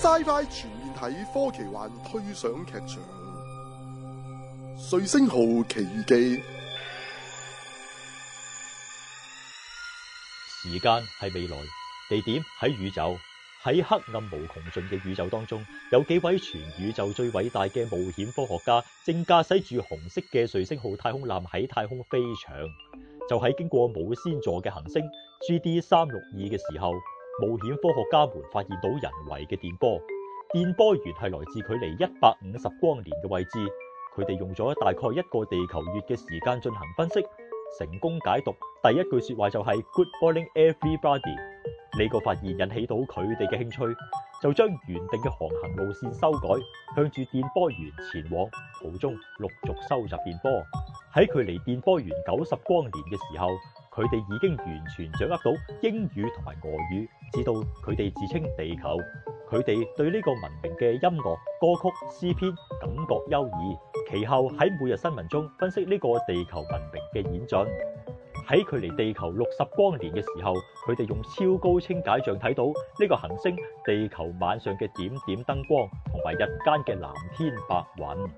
Sci-Fi 全面睇，科奇幻推想劇場，《彗星號奇遇記》。時間係未來，地點喺宇宙，喺黑暗無窮盡嘅宇宙當中，有幾位全宇宙最偉大嘅冒險科學家，正駕駛住紅色嘅彗星號太空艦喺太空飛翔。就喺經過武仙座嘅行星 G D 三六二嘅時候。冒險科學家們發現到人為嘅電波，電波源係來自距離一百五十光年嘅位置。佢哋用咗大概一個地球月嘅時間進行分析，成功解讀第一句說話就係 Good morning everybody。呢個發現引起到佢哋嘅興趣，就將原定嘅航行路線修改，向住電波源前往。途中陸續收集電波，喺距離電波源九十光年嘅時候。佢哋已經完全掌握到英語同埋俄語，至到佢哋自稱地球。佢哋對呢個文明嘅音樂、歌曲、詩篇感覺優異。其後喺每日新聞中分析呢個地球文明嘅演進。喺距離地球六十光年嘅時候，佢哋用超高清解像睇到呢個行星地球晚上嘅點點燈光同埋日間嘅藍天白雲。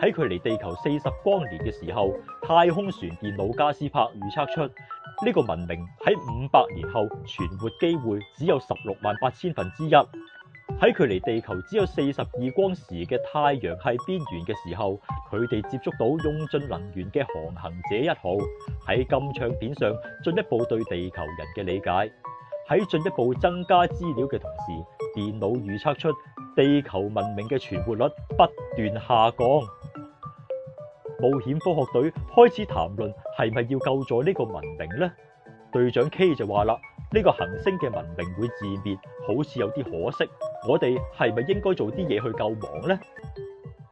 喺距離地球四十光年嘅時候，太空船電腦加斯柏預測出。呢個文明喺五百年後存活機會只有十六萬八千分之一。喺距離地球只有四十二光時嘅太陽系邊緣嘅時候，佢哋接觸到用盡能源嘅航行者一號，喺金唱片上進一步對地球人嘅理解。喺進一步增加資料嘅同時，電腦預測出地球文明嘅存活率不斷下降。冒險科學隊開始談論係咪要救助呢個文明呢？隊長 K 就話啦，呢個行星嘅文明會自滅，好似有啲可惜。我哋係咪應該做啲嘢去救亡呢？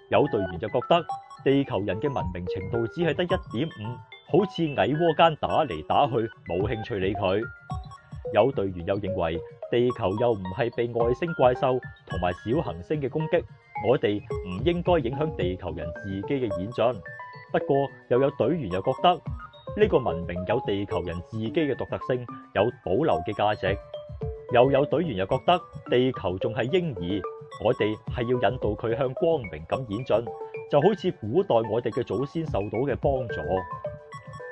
有隊員就覺得地球人嘅文明程度只係得一點五，好似蟻窩間打嚟打去，冇興趣理佢。有隊員又認為地球又唔係被外星怪獸同埋小行星嘅攻擊，我哋唔應該影響地球人自己嘅演進。不過又有隊員又覺得呢、這個文明有地球人自己嘅獨特性，有保留嘅價值。又有隊員又覺得地球仲係嬰兒，我哋係要引導佢向光明咁演進，就好似古代我哋嘅祖先受到嘅幫助。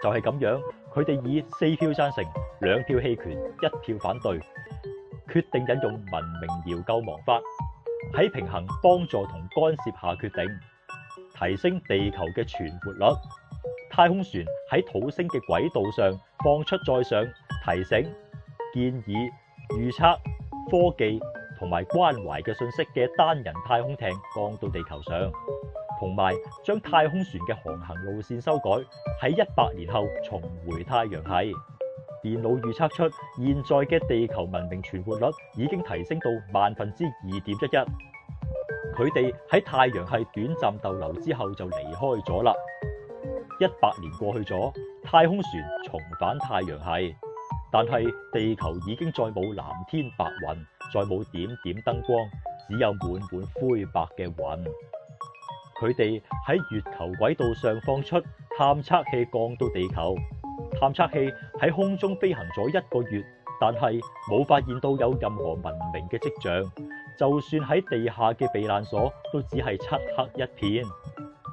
就係、是、咁樣，佢哋以四票贊成、兩票棄權、一票反對，決定引用文明遙究忙法喺平衡幫助同干涉下決定。提升地球嘅存活率，太空船喺土星嘅軌道上放出載上提醒、建議、預測、科技同埋關懷嘅信息嘅單人太空艇，降到地球上，同埋將太空船嘅航行路線修改喺一百年後重回太陽系。電腦預測出，現在嘅地球文明存活率已經提升到萬分之二點一一。佢哋喺太陽系短暫逗留之後就離開咗啦。一百年過去咗，太空船重返太陽系，但係地球已經再冇藍天白雲，再冇點點燈光，只有滿滿灰白嘅雲。佢哋喺月球軌道上放出探測器降到地球，探測器喺空中飛行咗一個月，但係冇發現到有任何文明嘅跡象。就算喺地下嘅避難所，都只係漆黑一片。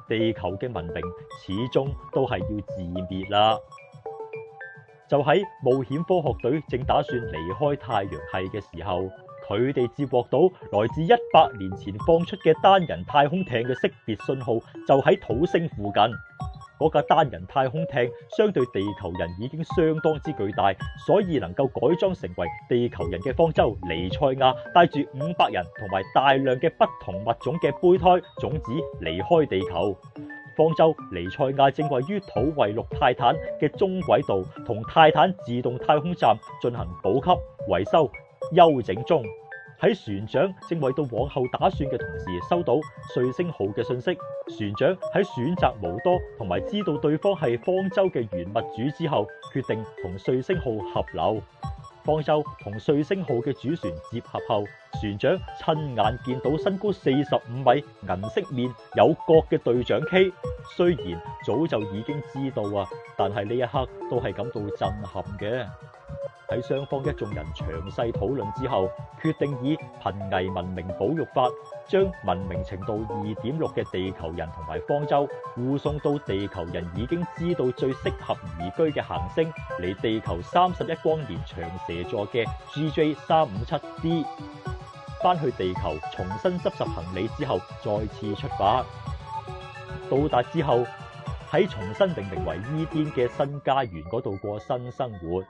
地球嘅文明始終都係要自滅啦。就喺冒險科學隊正打算離開太陽系嘅時候，佢哋接獲到來自一百年前放出嘅單人太空艇嘅識別信號，就喺土星附近。嗰架單人太空艇相對地球人已經相當之巨大，所以能夠改裝成為地球人嘅方舟尼塞亞，帶住五百人同埋大量嘅不同物種嘅胚胎種子離開地球。方舟尼塞亞正位於土衛六泰坦嘅中軌道，同泰坦自動太空站進行補給、維修、休整中。喺船長正為到往後打算嘅同時，收到彗星號嘅信息。船長喺選擇無多同埋知道對方係方舟嘅原物主之後，決定同彗星號合流。方舟同彗星號嘅主船接合後，船長親眼見到身高四十五米、銀色面有角嘅隊長 K。雖然早就已經知道啊，但係呢一刻都係感到震撼嘅。喺雙方一眾人詳細討論之後，決定以貧危文明保育法，將文明程度二點六嘅地球人同埋方舟護送到地球人已經知道最適合宜居嘅行星，嚟地球三十一光年長蛇座嘅 GJ 三五七 d 翻去地球重新執拾行李之後，再次出發。到達之後，喺重新命名為伊甸嘅新家園嗰度過新生活。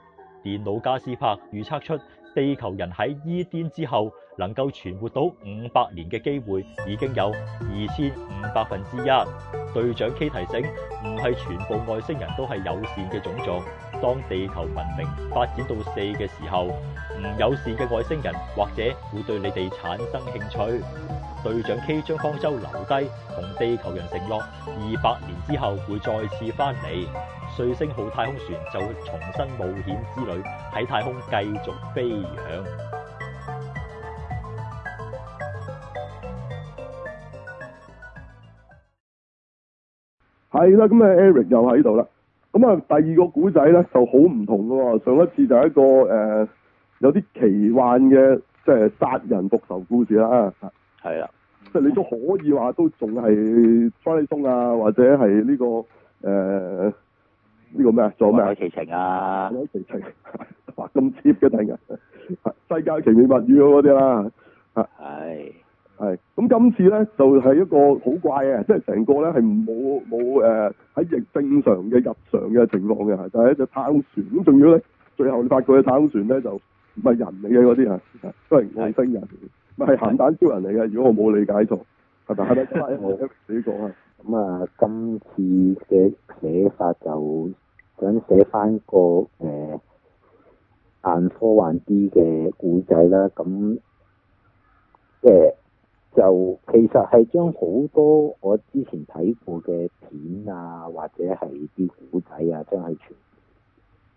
電腦加斯帕預測出地球人喺伊甸之後能夠存活到五百年嘅機會已經有二千五百分之一。隊長 K 提醒，唔係全部外星人都係友善嘅種族。當地球文明發展到四嘅時候，唔友善嘅外星人或者會對你哋產生興趣。隊長 K 將方舟留低，同地球人承諾二百年之後會再次翻嚟。彗星號太空船就會重新冒險之旅，喺太空繼續飛翔。係啦，咁啊，Eric 又喺度啦。咁啊，第二個古仔咧就好唔同噶喎。上一次就係一個誒、呃，有啲奇幻嘅，即係殺人復仇故事啦。係啊了，即係你都可以話都仲係《c h 啊，或者係呢、這個誒。呃呢個咩啊？《愛奇情》啊，《愛奇情》哇，咁貼嘅啲人，世界奇妙物語嗰啲啦，係，係咁今次咧就係、是、一個好怪嘅，即係成個咧係冇冇誒喺正正常嘅日常嘅情況嘅，就係、是、一隻撐船。咁仲要咧，最後你發覺嘅撐船咧就唔係人嚟嘅嗰啲啊，都係外星人，係鹹是蛋超人嚟嘅。是如果我冇理解錯，係咪？係咪？你講啊！咁啊，今次嘅寫法就想寫翻個、呃、眼硬科幻啲嘅古仔啦。咁即、呃、就其實係將好多我之前睇過嘅片啊，或者係啲古仔啊，將佢全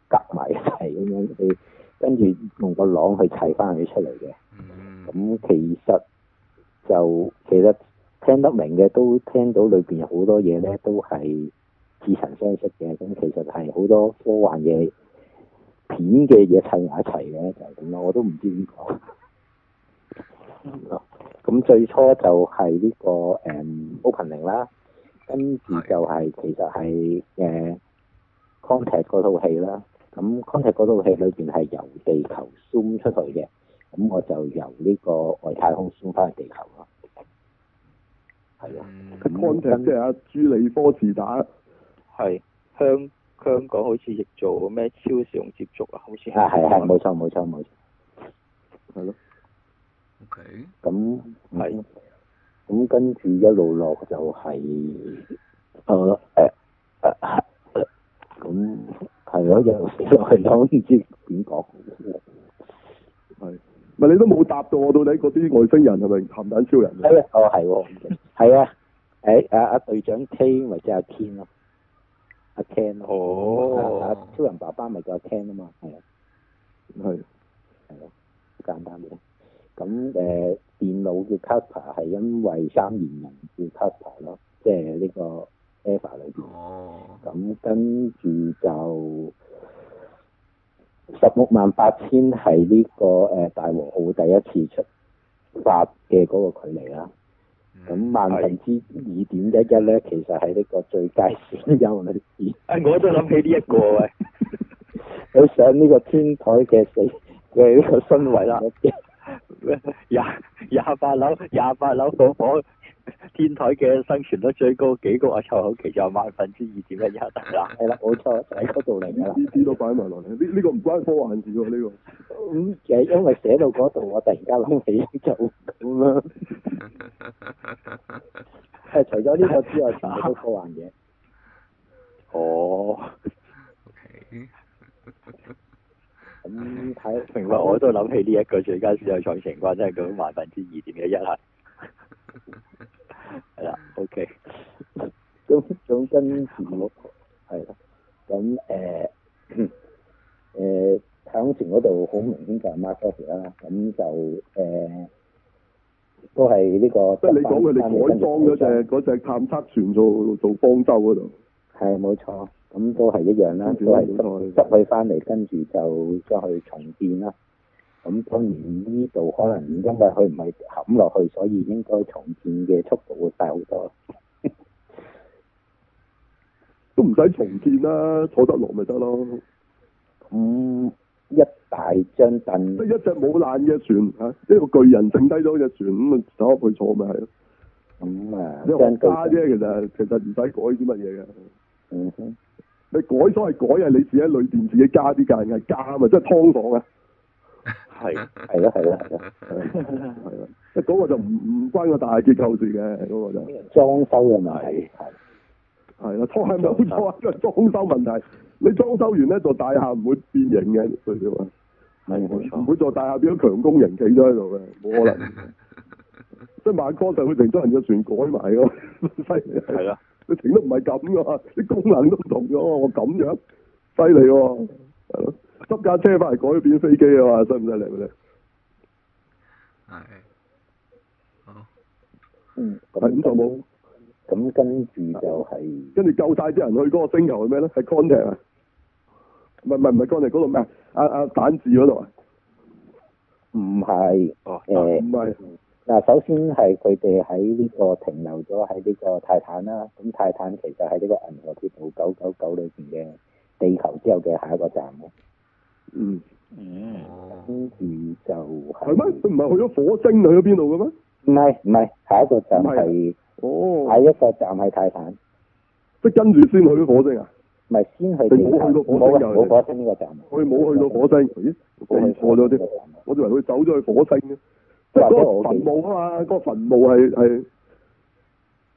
夾埋一齊咁樣去，跟住用個籠去砌翻佢出嚟嘅。咁、mm hmm. 其實就其實聽得明嘅都聽到裏邊有好多嘢咧，都係似曾相識嘅。咁其實係好多科幻嘢片嘅嘢砌埋一齊嘅，就係咁咯。我都唔知點講、這個。咁 最初就係呢、這個誒 opening 啦，跟住就係其實係誒《uh, Contact》嗰套戲啦。咁《Contact》嗰套戲裏邊係由地球送出去嘅，咁我就由呢個外太空送翻去地球啦。係啊佢 o n 即係阿朱利波治打，係香香港好似亦做咩超常接觸啊？好似係係係，冇錯冇錯冇錯，係咯，OK。咁係，咁跟住一路落就係、是，誒誒誒，咁係咯，就係咯，唔、啊啊啊嗯啊、知點講，係、啊。咪你都冇答到我，到底嗰啲外星人係咪鹹蛋超人？係咪、 欸？哦係，係、嗯嗯、 啊，誒啊阿隊長 K 或者阿 Ken 咯，阿 Ken 哦，阿超人爸爸咪叫阿 Ken 啊嘛，係啊，係是，係啊，好簡單嘅，咁誒、呃、電腦嘅 Casper 係因為三年人叫 Casper 咯，即係呢個 EVA 裏邊，咁跟住就。十六萬八千係呢個誒大和號第一次出發嘅嗰個距離啦，咁、嗯、萬分之二點一一咧，是其實係呢個最佳損益率。哎、這個，我都諗起呢一個喂，你 上呢個天台嘅四，嘅身位啦，廿廿 八樓，廿八樓上房。婆婆 天台嘅生存率最高幾高啊？其實有萬分之二點一一得啦，係啦， 我就喺嗰度嚟噶啦，呢呢個唔關科幻事喎，呢個咁因為寫到嗰度，我突然間諗起就咁啦，係 除咗呢個之外，全部都科幻嘢。 哦，OK 咁睇明白，我都諗起呢、這、一個最佳史上情況，真係到萬分之二點一一啊！係啦 ，OK，咁總 跟住咯，係啦，咁誒誒太空船嗰度好明顯就係 Markos 啦，咁就誒都係呢個即係你講嘅，跟住就，你改裝咗隻隻探測船做做方舟嗰度，係冇錯，咁都係一樣啦，執佢翻嚟跟住就再去重建啦。咁、嗯、當然呢度可能因為佢唔係冚落去，所以應該重建嘅速度會大好多。都唔使重建啦，坐得落咪得咯。咁、嗯、一大張凳，一隻冇爛嘅船嚇、啊，一個巨人剩低咗隻船，咁啊走去坐咪係咯。咁、嗯、啊，啲皇加啫，其實其實唔使改啲乜嘢嘅。嗯、哼你改所謂改係你自己裏邊自己加啲間，係加啊，即係劏房啊。係係啊，係啊，係啊，係啊。即係嗰個就唔唔關個大結構事嘅，嗰、那個就裝修嘅問題，係係啦錯，係咪好錯啊？因為裝修問題，你裝修完咧，座大廈唔會變形嘅，所以話係冇錯，唔的 會座大廈變咗強攻形企咗喺度嘅，冇可能。 即係萬科就佢成咗人將船改埋噶犀利係啦，佢整得唔係咁噶嘛，啲功能都唔同咗我咁樣犀利喎，係咯。是執架車翻嚟改變飛機啊！嘛，犀唔犀利？你係好嗯，咁跟就冇、是、咁跟住就係跟住救晒啲人去嗰個星球係咩咧？係 contact 啊？唔係唔係唔係 contact 嗰度咩？啊，啊，彈子嗰度啊？唔係哦，唔係嗱。首先係佢哋喺呢個停留咗喺呢個泰坦啦。咁泰坦其實喺呢個銀河鐵道九九九裏邊嘅地球之後嘅下一個站咧。嗯，嗯，跟住就係咩？佢唔係去咗火星，去咗邊度嘅咩？唔係唔係，下一個站係哦，是下一個站係泰坦，哦、即跟住先去咗火星啊？唔係先去。佢冇去到火星呢個站。佢冇去到火星？火星我錯咗啲，星我以為佢走咗去火星咧，即嗰個墳墓啊嘛，嗰、嗰個墳墓係係，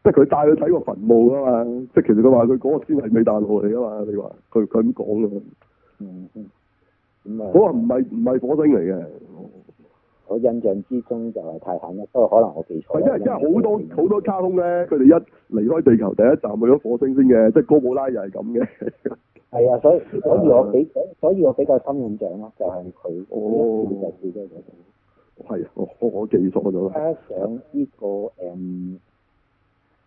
即佢帶佢睇個墳墓啊嘛，即其實佢話佢嗰個先係美大陸嚟啊嘛，你話佢佢咁講咯。嗯嗯。嗰個唔係唔係火星嚟嘅，我印象之中就係泰坦啦，不過可能我記錯。因真係真好多好，嗯、多卡通咧，佢哋一離開地球第一站去咗火星先嘅，嗯、即係哥布拉又係咁嘅。係啊，所以、嗯、所以我比、嗯、所以我比較深印象咯，就係佢我係啊，我我，我記錯咗啦。加上呢個誒、唔、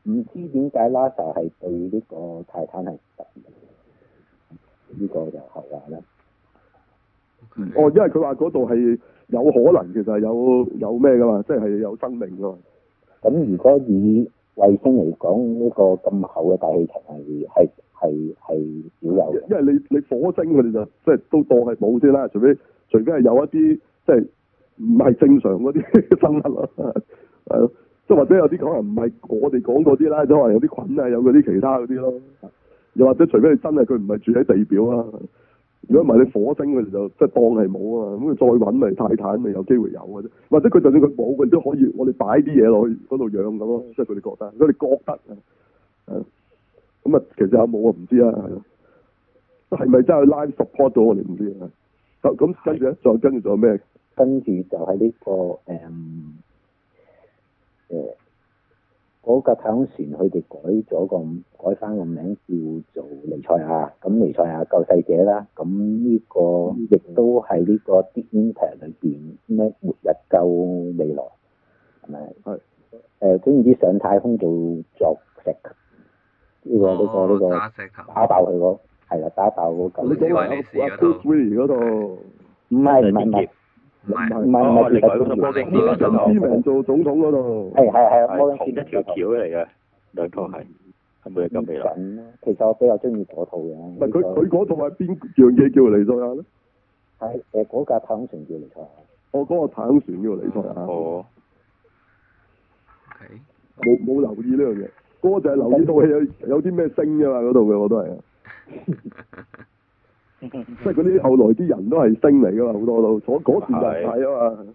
嗯、知點解啦，就係對呢個泰坦係特別，呢、這個就後話啦。Okay. 哦，因為佢話嗰度係有可能，其實有有咩噶嘛，即係有生命噶嘛。咁如果以衛星嚟講，呢個咁厚嘅大氣層係係係係少有嘅。因為你你火星，佢哋就即係都當係冇先啦。除非除非係有一啲即係唔係正常嗰啲生物咯，係 咯，即係或者有啲可能唔係我哋講嗰啲啦，即係可能有啲菌啊，有嗰啲其他嗰啲咯，又 或者除非你真係佢唔係住喺地表啦。如果唔係你火星佢哋就即係當係冇啊，咁佢再搵咪泰坦咪有機會有嘅啫，或者佢就算佢冇佢都可以我，我哋擺啲嘢落去嗰度養咁咯，即係佢哋覺得，佢哋覺得啊，誒、嗯，咁啊其實阿冇啊唔知啊，係咪真係 live support 到我哋唔知啊，咁跟住咧再跟住仲有咩？跟住就喺呢、呢個誒誒。嗯嗯嗰架太空船佢哋改咗個改翻個名叫做尼賽亞，咁尼賽亞救世者啦，咁呢個亦都係呢個 Doom Patrol 裏邊咩末日救未來係咪？係誒，總言之上太空做作石，呢、這個呢個呢個打爆嗰個係啦，打爆嗰個。我唔知喎，我潘虎兒嗰度唔係唔係。唔係唔係，另外嗰度，另外嗰度，知名做總統嗰度。係係係，我諗似一條橋嚟嘅，兩套係，係冇嘢咁未來。其實我比較中意嗰套嘅。唔係佢佢嗰套係邊樣嘢叫離座下咧？係誒，嗰架太空船叫離座下。我嗰個太空船叫離座下。哦。係。冇冇留意呢樣嘢？我就係留意到有有啲咩聲噶嘛，嗰度嘅我都係。即係嗰啲後來啲人都係升嚟㗎嘛，好多都坐嗰時就係啊嘛，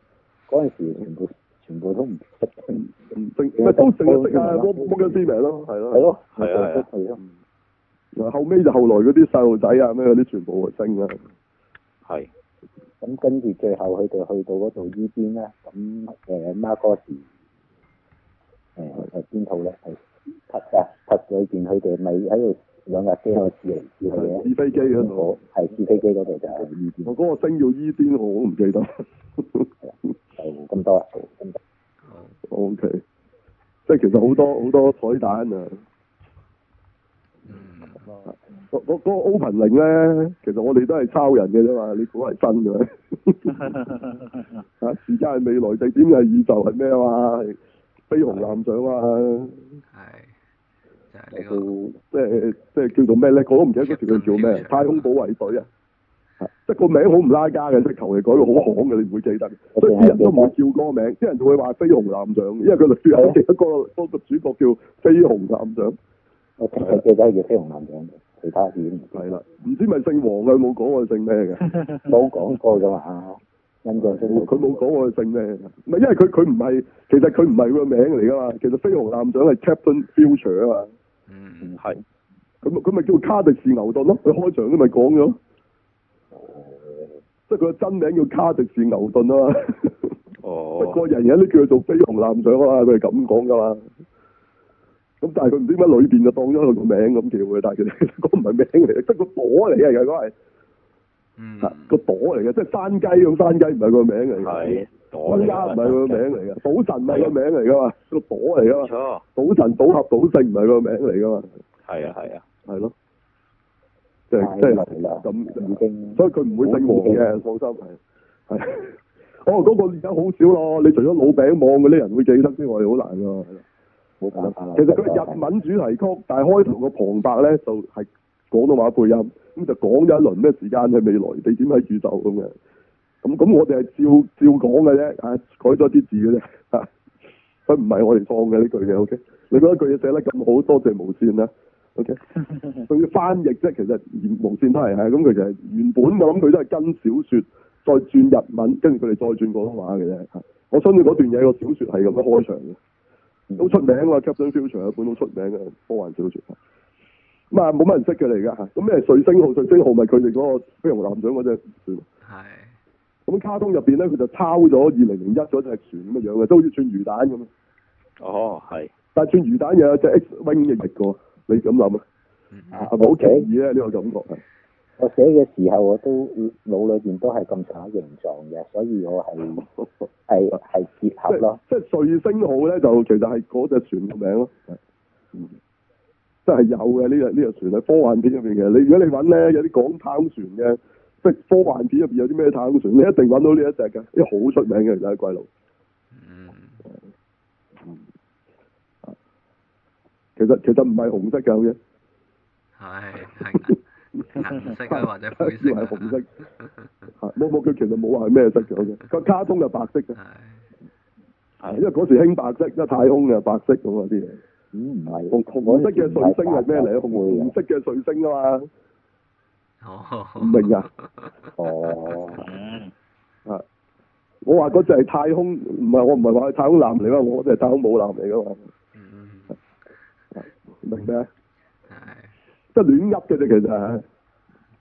嗰陣時全部全部都唔識，唔識都成識啊，冇冇咁知名咯，係咯，係啊，係啊，嗱後尾就後來嗰啲細路仔啊咩嗰啲全部係升啊，係，咁跟住最後佢哋去到嗰度呢邊咧，咁誒阿媽嗰時誒係邊套咧？係匹啊，匹裏邊佢哋咪喺度。兩架機我試飛試飛機嗰度係試飛機嗰度就我嗰個升到呢邊我唔記得。咁、 嗯、多啊 O K，即係其實好多好多彩蛋啊！嗰、嗯啊那個 Opening 咧，其實我哋都係抄人嘅啫嘛，你估係真嘅？ 的啊，時間係未來，地點係宇宙係咩嘛？飛鴻艦長嘛？係。即係即係叫做咩咧？我都唔記得嗰時佢叫咩。太空保衛隊啊，即係個名好唔拉家嘅，即係求其改到好巷嘅，你唔會記得的。所以啲人都唔會叫嗰個名，啲 人會話飛鴻艦長，因為佢綠書有其中一個嗰個的主角叫飛鴻艦長。個仔叫飛鴻艦長，其他演系啦，唔知咪姓黃嘅，冇講我姓咩嘅，冇講錯咗嘛？印象中佢冇講我姓咩，唔係因為佢佢唔係，其實佢唔係個名嚟噶嘛。其實飛鴻艦長係 Captain Future 啊嘛。嗯，係，咁咁咪叫做卡迪士牛頓咯，佢開場都咪講咗，哦、即係佢嘅真名叫卡迪士牛頓啊嘛，不過、哦、 人人都叫佢做飛鴻艦長啊嘛，佢係咁講噶嘛，咁但係佢唔知乜裏邊就當咗佢個名咁叫嘅，但係其實講唔係名嚟，即係個朵嚟嘅，而家講係，吓個朵嚟嘅，即係、嗯啊、山雞咁，山雞唔係個名嚟嘅。是賭家唔係佢個名嚟噶，賭神唔係個名嚟噶嘛？個賭嚟噶，嘛，賭神、賭俠、賭聖唔係佢個名嚟噶嘛？係啊，係啊，係咯，即係即係咁，所以佢唔會姓王嘅，放心係，哦，嗰個而家好少咯，你除咗老餅網嗰啲人會記得之外，好難咯。好簡單。其實佢係日文主題曲，但係開頭個旁白咧就係廣東話配音，咁就講咗一輪咩時間喺未來，地點喺宇宙咁嘅。咁咁我哋係照照講嘅啫，啊改咗啲字嘅啫，嚇佢唔係我哋創嘅呢句嘢。o、okay? k 你覺得呢句嘢寫得咁好，多謝無線啦。o k 仲要翻譯即係其實無無線都係係咁，佢就係原本我諗，佢都係跟小説再轉日文，跟住佢哋再轉廣東話嘅啫。我相信嗰段嘢個小説係咁嘅開場嘅，好出、嗯、名啊！Captain Future 一本好出名嘅科幻小説啊，冇乜人識佢嚟㗎嚇。咁咩彗星號？彗星號咪佢哋嗰個飛行艦長嗰隻咁卡通入邊咧，佢就抄咗二零零一嗰隻船咁嘅樣嘅，都好似串魚蛋咁。哦，係。但係串魚蛋又有隻 X wing 嘅翼喎，你咁諗啊？係咪好奇異咧？呢寫個感覺。我寫嘅時候，我都腦裏邊都係咁差形狀嘅，所以我係係係結合咯。即係彗星號咧，就其實係嗰隻船嘅名咯。是嗯。真係有嘅，呢隻呢隻船喺科幻片入邊嘅。你如果你揾咧，有啲港產船嘅。即科幻片入邊有啲咩太空船，你一定搵到呢一隻㗎，因為好出名嘅，而家啲鬼佬。嗯。啊。其實其實唔係紅色嘅，好似、哎。係。顏 色啊，或者唔係紅色。冇冇，佢其實冇話係咩色嘅，好似個卡通就白、哎、白色。係。係，因為嗰時興白色，即係太空嘅白色咁啊啲嘢。嗯，唔係。紅色嘅彗星係咩嚟啊？紅紅色嘅彗星啊嘛。哦，唔 明啊？哦，啊，我話嗰就係太空，唔係我唔係話太空艦嚟啦，我即係太空母艦嚟噶嘛。嗯， 明咩啊？即係亂噏嘅啫，其實，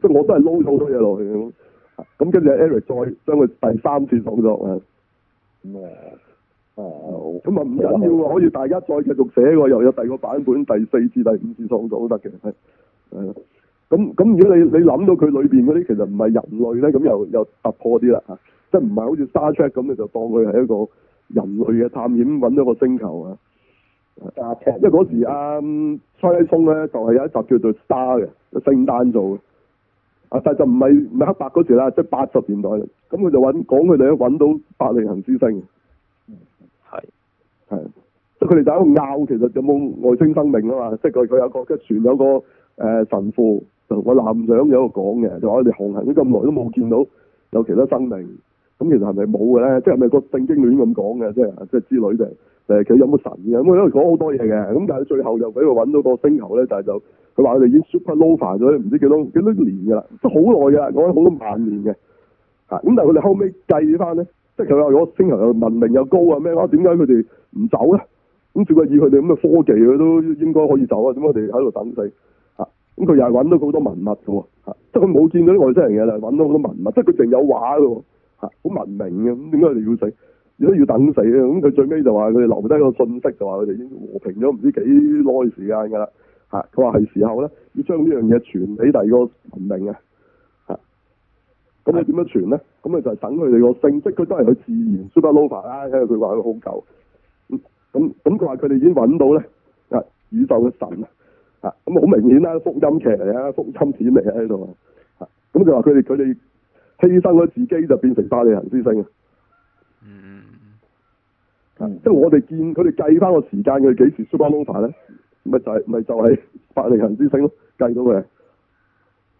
即係我都係撈咗好多嘢落去。咁跟住 Eric 再將佢第三次創作啊。咁啊， 啊，咁啊唔緊要可以大家再繼續寫個，又有第二個版本，第四次、第五次創作都得嘅，係，係啊。咁咁如果你你諗到佢裏面嗰啲其實唔係人類咧，咁又又突破啲啦嚇，即係唔係好似 Star Trek 咁，你就當佢係一個人類嘅探險揾咗個星球啊。因為嗰時，嗯、啊，太空咧就係、係、有一集叫做 Star 嘅，聖誕做，啊但係就唔係唔係黑白嗰時啦，即係八十年代啦，咁佢就揾講佢哋都揾到百里行星嘅，係即係佢哋就喺度拗其實有冇外星生命啊嘛，即係佢佢有個即船有個，有個，傳有個、呃、神父。我男上有一個講嘅，就話我哋航行咗咁耐都冇見到有其他生命，咁其實係咪冇嘅咧？即係咪個聖經裏咁講嘅？即係即係之類嘅誒，其實有冇神嘅？咁佢為講好多嘢嘅，咁但係最後又畀佢搵到個星球咧，就係、是、就佢話佢哋已經 super nova 咗，唔知幾多幾多年噶啦，都好耐啊，講咗好多萬年嘅吓，咁但係佢哋後尾計翻咧，即係佢話有個星球又文明又高啊咩？話，點解佢哋唔走咧？咁照鬼以佢哋咁嘅科技，佢都應該可以走啊，點解佢哋喺度等死？咁佢又係揾到好多文物嘅喎，吓，即係佢冇見到啲外星人嘢啦，揾到好多文物，即係佢淨有畫嘅喎，吓，好文明嘅，咁點解佢哋要死？如果要等死嘅，咁佢最尾就話佢哋留低個信息，就話佢哋已經和平咗唔知幾耐時間噶啦，吓，佢話係時候咧，要將呢樣嘢傳俾第二個文明啊，吓，咁你點樣傳咧？咁咪的就等佢哋個星，即，佢都係去自然 supernova 啦，因為佢話佢好舊，咁咁咁佢話佢哋已經揾到咧，啊，宇宙嘅神啊！啊，咁好、嗯、明顯啦，福音劇嚟啊，福音片嚟啊，喺度啊，咁就話佢哋佢哋犧牲咗自己就變成伯利恆之星啊，嗯，即係我哋見佢哋計翻個時間佢幾時 Super Nova 咧，咪就係咪就係伯利恆之星咯，計到佢。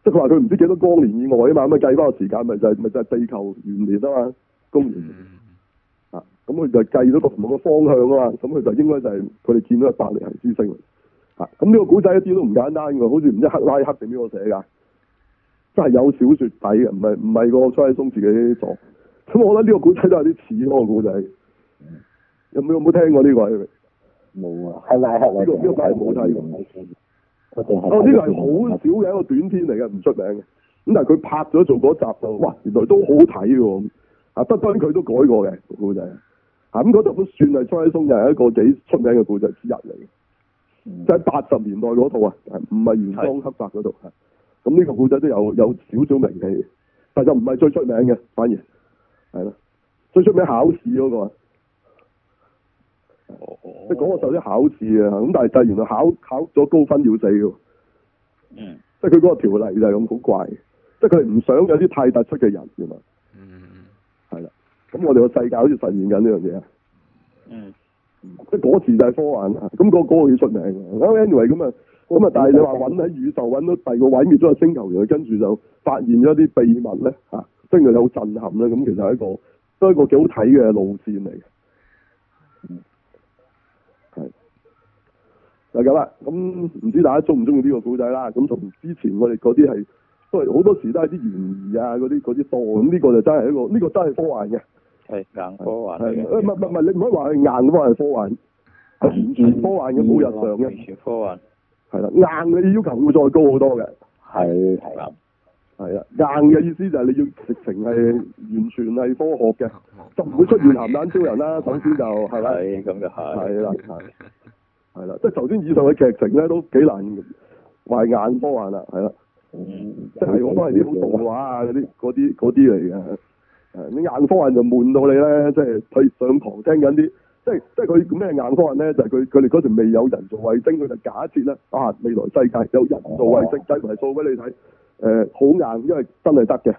即係佢話佢唔知幾多光年以外啊嘛，咁啊計翻個時間咪就係咪就係地球元年啊嘛，公元，啊，咁佢就計到個同個方向啊嘛，咁佢就應該就係佢哋見到伯利恆之星。咁呢個古仔一啲都唔簡單嘅，好似唔知克拉克定邊個寫噶，真係有小說底嘅，唔係唔係個蔡啟松自己作，咁我覺得呢個古仔都有啲似嗰個古仔，有冇有冇聽過呢個？冇啊，係克拉克嚟嘅，呢個係冇睇。哦吧，呢個係好少嘅一個短篇嚟嘅，唔出名嘅，咁但係佢拍咗做嗰集就，哇，原來都很好睇嘅，啊，德尊佢都改過嘅古仔，吓咁嗰度都算係蔡啟松又係一個幾出名嘅古仔之一嚟。就喺八十年代嗰套啊，唔係原裝黑白嗰套啊。咁呢是的 個故仔都有有少少名氣，但就唔係最出名嘅，反而係咯。最出名的考試嗰個，哦哦即係講我受啲考試啊。咁但係就係原來考考咗高分要死嘅，嗯、即係佢嗰個條例就係咁好怪，即係佢唔想有啲太突出嘅人，係嘛。嗯，嗯，嗯，係啦。咁我哋個世界好似實現緊呢樣嘢啊。嗯。即係嗰次就係科幻啊，咁嗰嗰個幾、那個、出名啊。Anyway，咁啊，咁啊，但係你話搵喺宇宙搵到第二個毀滅咗嘅星球，然後跟住就發現咗啲秘密咧，吓，跟住又好震撼咧。咁、那個、其實係一個都係一個幾好睇嘅路綫嚟。係、嗯，就咁啦。咁唔知大家中唔中意呢個古仔啦？咁同之前我哋嗰啲係都係好多時都係啲懸疑啊，嗰啲啲多。咁、那、呢個就真係一個，呢、這個真係科幻嘅。係硬科幻啊！唔係唔係唔係，你唔可以話係硬科幻，科幻嘅冇日常嘅，完全科幻。係啦，硬嘅要求會再高好多嘅。係係係，硬嘅意思就係你要直情係完全係科學嘅，就唔會出現咸蛋超人啦。首先就係啦，係咁就係。係啦，係啦，即係頭先以上嘅劇情咧，都幾難話硬科幻啦，係啦，即係我都係啲好動畫啊，啲啲嗰啲嚟嘅。誒，你硬科幻就悶到你咧，即係佢上堂聽緊啲，即係即係佢咩硬科幻咧，就係佢佢哋嗰陣未有人造衛星，佢就假設啦，啊未來世界有人造衛星計埋數俾你睇，誒、呃、好硬，因為真係得嘅，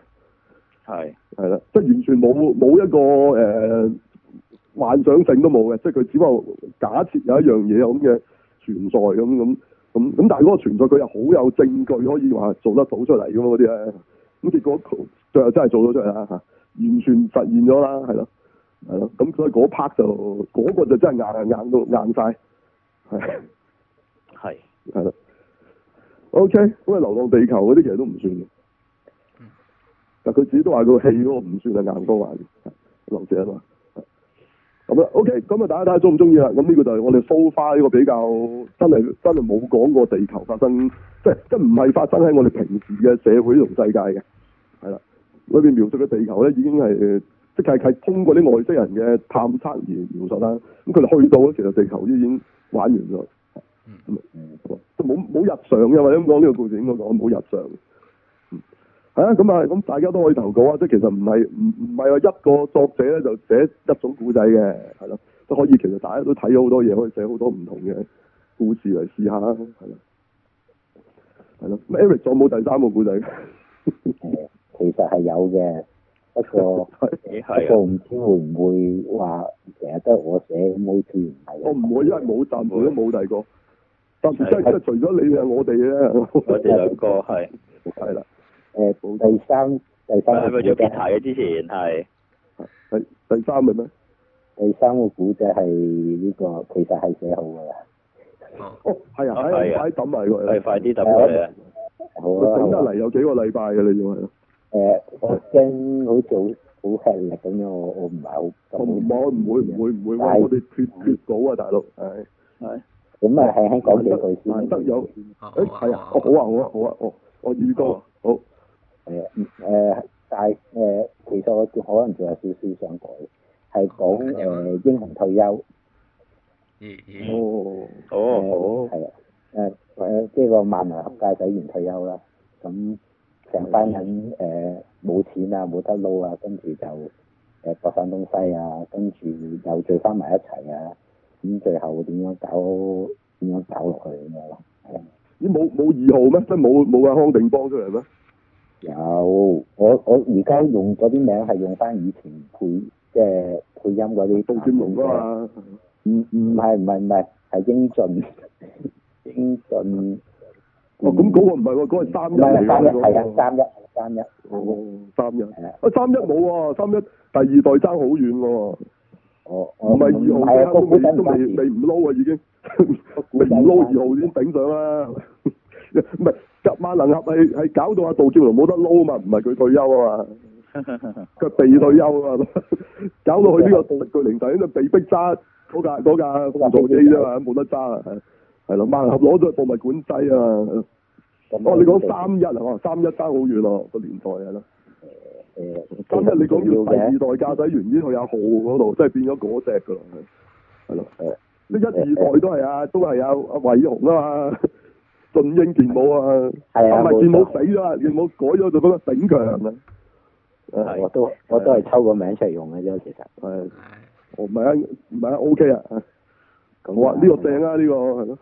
係係啦，即係、就是、完全冇冇一個誒、呃、幻想性都冇嘅，即係佢只不過假設有一樣嘢咁嘅存在咁咁咁咁，但係嗰個存在佢又好有證據可以話做得到出嚟咁咯，嗰啲咧，咁結果最後真係做咗出嚟啦吓。完全實現咗啦，係咯，係咯，咁所以嗰 part 就嗰、嗰個就真係硬硬到硬晒，係，係，係咯的。OK，咁啊流浪地球嗰啲其實都唔算嘅，嗯、但佢自己都話個戲咯唔算係硬科幻嘅，劉慈嘛。咁啊 OK，咁啊大家睇下中唔中意啦。咁呢個就係我哋科幻呢個比較真係真係冇講過地球發生，即係即係唔係發生喺我哋平時嘅社會同世界嘅。裏邊描述嘅地球咧，已經係即係係通過啲外星人嘅探測而描述啦。咁佢哋去到咧，其實地球都已經玩完咗，嗯。嗯，都冇冇日常嘅，或者講呢個故事應該，應該講冇日常的。嗯，係啊，咁啊，咁大家都可以投稿啊。即係其實唔係唔唔係話一個作者咧就寫一種故仔嘅，係咯，都可以。其實大家都睇咗好多嘢，可以寫好多唔同嘅故事嚟試下啊。係咯，係咯，Eric 仲冇第三個故仔。嗯 其實係有嘅，不過不過唔知會唔會話成日都係我寫咁好似唔係。我唔會，因為冇暫時都冇第二個，特別即係除咗你係我哋啊。我哋兩個係係啦。誒，第三第三。係咪要拆嘅之前係？第第三嘅咩？第三個故仔係呢個，其實係寫好噶啦。哦，係啊，喺喺抌埋佢。誒，快啲抌埋佢啊！好啊，等得嚟有幾個禮拜嘅，你認為？誒，我驚好早好響啦，咁樣我我唔係好，唔會唔會唔會唔會，我哋脫脫稿啊，大佬係，咁啊係喺講嘢佢先，得有，誒係啊，我好啊好啊好啊，我我預告，好，係啊，誒但誒，其實我可能仲有少少想講，係講誒英雄退休，嗯嗯，哦，好，好，係啊，誒誒即係個萬能合界使員退休啦，咁。成班人誒冇、呃、錢啊，冇得撈啊，跟住就誒各散東西啊，跟住又聚翻埋一齊啊，咁、嗯、最後點樣搞？點樣搞落去咁樣咯？你冇冇二號咩？即係冇冇阿康定幫出嚟咩？有我我而家用嗰啲名係用翻以前配即係配音嗰啲。都專用。噶嘛？唔唔係唔係唔係，係英俊英俊。 英俊咁嗰個唔係喎，嗰係三一三一，三一，三一，哦，三一，啊，三一冇啊，三一第二代爭好遠喎。哦，唔係二號係啊。都未未唔撈啊，已經。未唔撈二號先頂上啦。唔係，吉馬能合係係搞到阿杜志龍冇得撈啊嘛，唔係佢退休啊嘛，佢被退休啊嘛，搞到佢呢個六巨零仔都被迫揸嗰架嗰架做速機啫嘛，冇得揸係咯，馬盒攞咗去博物館擠啊！哦，你講三一啊，三一爭好遠咯，個年代係咯。三一，你講要第二代駕駛員呢？去阿浩嗰度，即係變咗嗰隻噶咯。係咯，係。呢一二代都係啊，都係有阿偉雄啊嘛，俊英劍武啊，阿劍武死咗，劍武改咗做嗰個頂強啊。誒，我都我都係抽個名出嚟用嘅啫，其實。係。我唔係啊，唔係啊，O K 啊。咁。我話呢個正啊，呢個係咯。